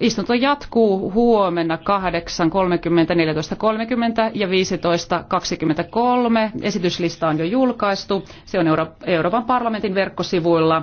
Istunto jatkuu huomenna 8.30, 14.30 ja 15.23. Esityslista on jo julkaistu. Se on Euroopan parlamentin verkkosivuilla.